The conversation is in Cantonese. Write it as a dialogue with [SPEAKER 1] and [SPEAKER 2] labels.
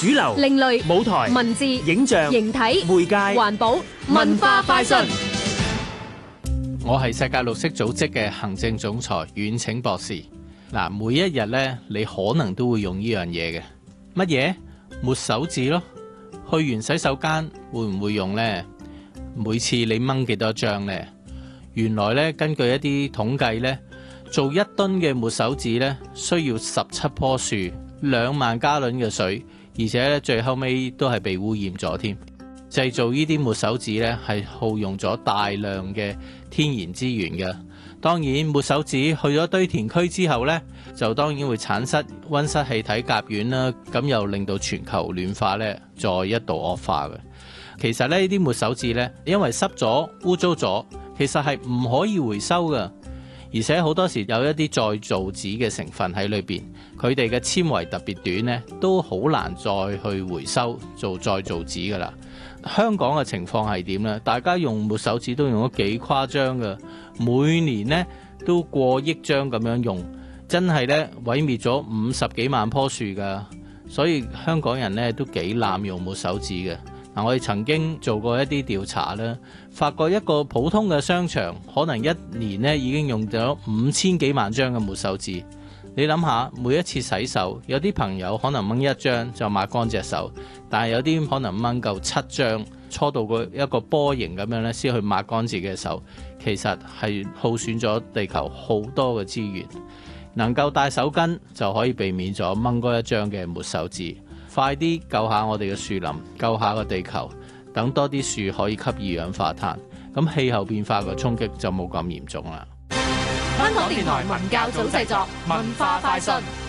[SPEAKER 1] 主流、另類舞台、文字、影像、形體、媒介、環保、文化快訊。我係世界綠色組織嘅行政總裁，遠騁博士。嗱，每一日呢，你可能都會用呢樣嘢嘅乜嘢抹手紙咯。去完洗手間會唔會用呢？每次你掹幾多張呢？原來呢，根據一啲統計呢，做一噸嘅抹手紙呢，需要十七棵樹，兩萬加侖嘅水。而且最後尾都係被污染咗添，製造呢啲抹手紙呢，係耗用咗大量嘅天然資源嘅。當然，抹手紙去咗堆填區之後呢，就當然會產生溫室氣體甲烷啦，咁又令到全球暖化呢再一度惡化嘅。其實呢啲抹手紙呢，因為濕咗、污糟咗，其實係唔可以回收嘅。而且好多時有一啲再造紙嘅成分喺裏邊，佢哋嘅纖維特別短呢，都好難再去回收做再造紙㗎喇。香港嘅情況係點呢？大家用抹手紙都用咗幾誇張㗎，每年呢都過億張咁樣用，真係呢毀滅咗五十幾萬棵樹㗎。所以香港人呢都幾濫用抹手紙嘅。嗱，我哋曾經做過一啲調查咧，發覺一個普通嘅商場可能一年已經用咗五千幾萬張嘅抹手紙。你諗下，每一次洗手，有啲朋友可能掹一張就抹乾隻手，但係有啲可能掹夠七張，搓到一個波形咁樣先去抹乾自己嘅手，其實係耗損咗地球好多嘅資源。能夠帶手巾就可以避免咗掹嗰一張嘅抹手紙。快啲救下我哋嘅樹林，救下個地球，等多啲樹可以吸二氧化碳，咁氣候變化個衝擊就冇咁嚴重啦。香港電台文教組製作，文化快訊。